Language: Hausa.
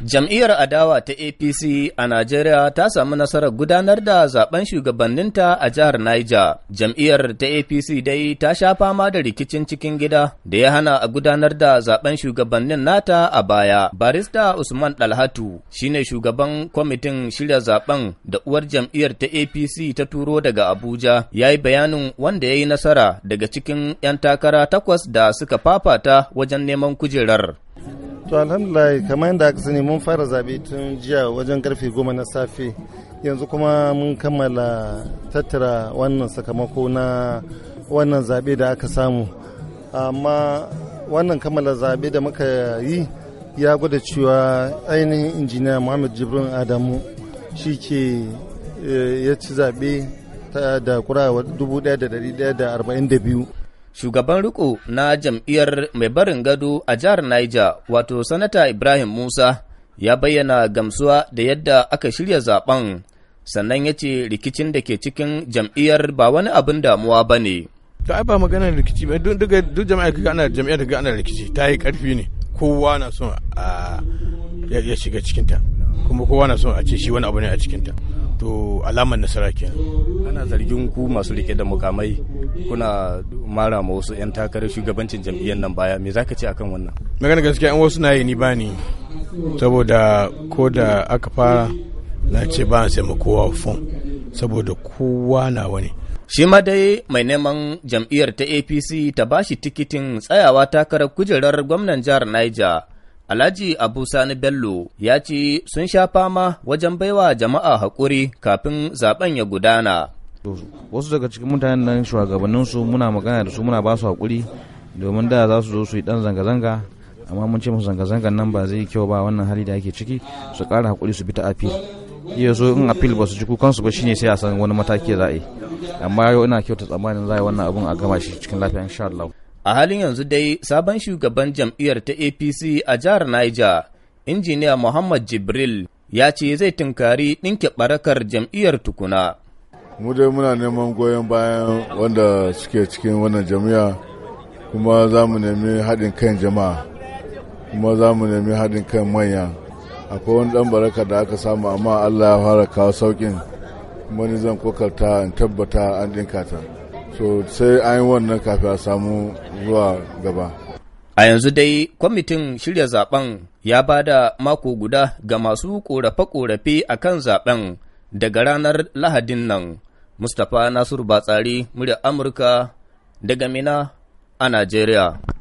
Jam'iyyar adawa ta APC a Najeriya ta samu nasarar gudanar da zaben shugabanninta a jihar Niger. Jam'iyyar ta APC dai ta sha fama da rikicin cikin gida da ya hana a gudanar da zaben shugabannin nata a baya. Barista Usman Dalhatu shine shugaban kwamitin shirya zaben da uwar jam'iyyar ta APC ta turo daga Abuja. Ya yi bayanin wanda ya yi nasara daga cikin 'yan takara takwas da suka fafata wajen neman kujerar. to alhamdulillah kamar yadda aka sani mun fara zaɓe tun jiya wajen karfe goma na safe yanzu kuma mun kammala tattara wannan sakamako na wannan zaɓe da aka samu amma wannan kammala zaɓe da muka yi ya gwada cewa ainihin injiniya muhammad jibrin adamu shi ke eh, ya ci zaɓe da kura 1142 Shugaban riko na jam'iyyar mai barin gado a jihar Niger, wato Sanata Ibrahim Musa, ya bayyana gamsuwa da yadda aka shirya zaben, sannan ya ce rikicin da ke cikin jam'iyyar ba wani abin damuwa ba ne. To ai ba magana rikici ba duk jama'a kaga ana jami'a da ana rikici ta yi karfi ne kowa na son a ya shiga cikinta kuma kowa na son a ce shi wani abu ne a cikinta. to alamar nasara ke ana zargin ku masu rike da mukamai kuna mara ma wasu 'yan takarar shugabancin jam'iyyar nan baya me zaka ce akan wannan magana gaskiya an wasu na yi ni bani saboda ko da aka fara na ce ba sai ma kowa fon saboda kowa na wani Shi ma dai mai neman jam'iyyar ta APC ta bashi tikitin tsayawa takarar kujerar gwamnan jihar Niger Alhaji Abu Sani Bello ya ce sun sha fama wajen baiwa jama'a haƙuri kafin zaben ya gudana. Wasu daga cikin mutanen nan shugabanninsu muna magana da su muna ba su haƙuri domin da za su zo su yi dan zanga-zanga amma mun ce musu zanga-zangan nan ba zai kyau ba wannan hali da ake ciki su ƙara haƙuri su bi ta apil. Iya so in apil ba su ji kukansu ba shine sai a san wani mataki za a yi. Amma yau ina kyauta tsammanin za a yi wannan abun a gama shi cikin lafiya insha Allah. A halin yanzu dai sabon shugaban jam'iyyar ta APC a jihar Niger, injiniya Muhammad Jibril ya ce zai tunkari ɗinke ɓarakar jam'iyyar tukuna. Mu dai muna neman goyon bayan wanda suke cikin wannan jam'iyya kuma za mu nemi haɗin kan jama'a kuma za mu nemi haɗin kan manya. Akwai wani ɗan baraka da aka samu amma Allah ya fara kawo sauƙin kuma ni zan kokarta in tabbata an ɗinka ta. So sai an yi wannan kafin a samu zuwa gaba. A yanzu dai kwamitin shirya zaben ya ba da mako guda ga masu ƙorafe korafe a kan zaben daga ranar Lahadin nan. Mustapha Nasiru Batsari, murya Amurka daga Mina a Najeriya.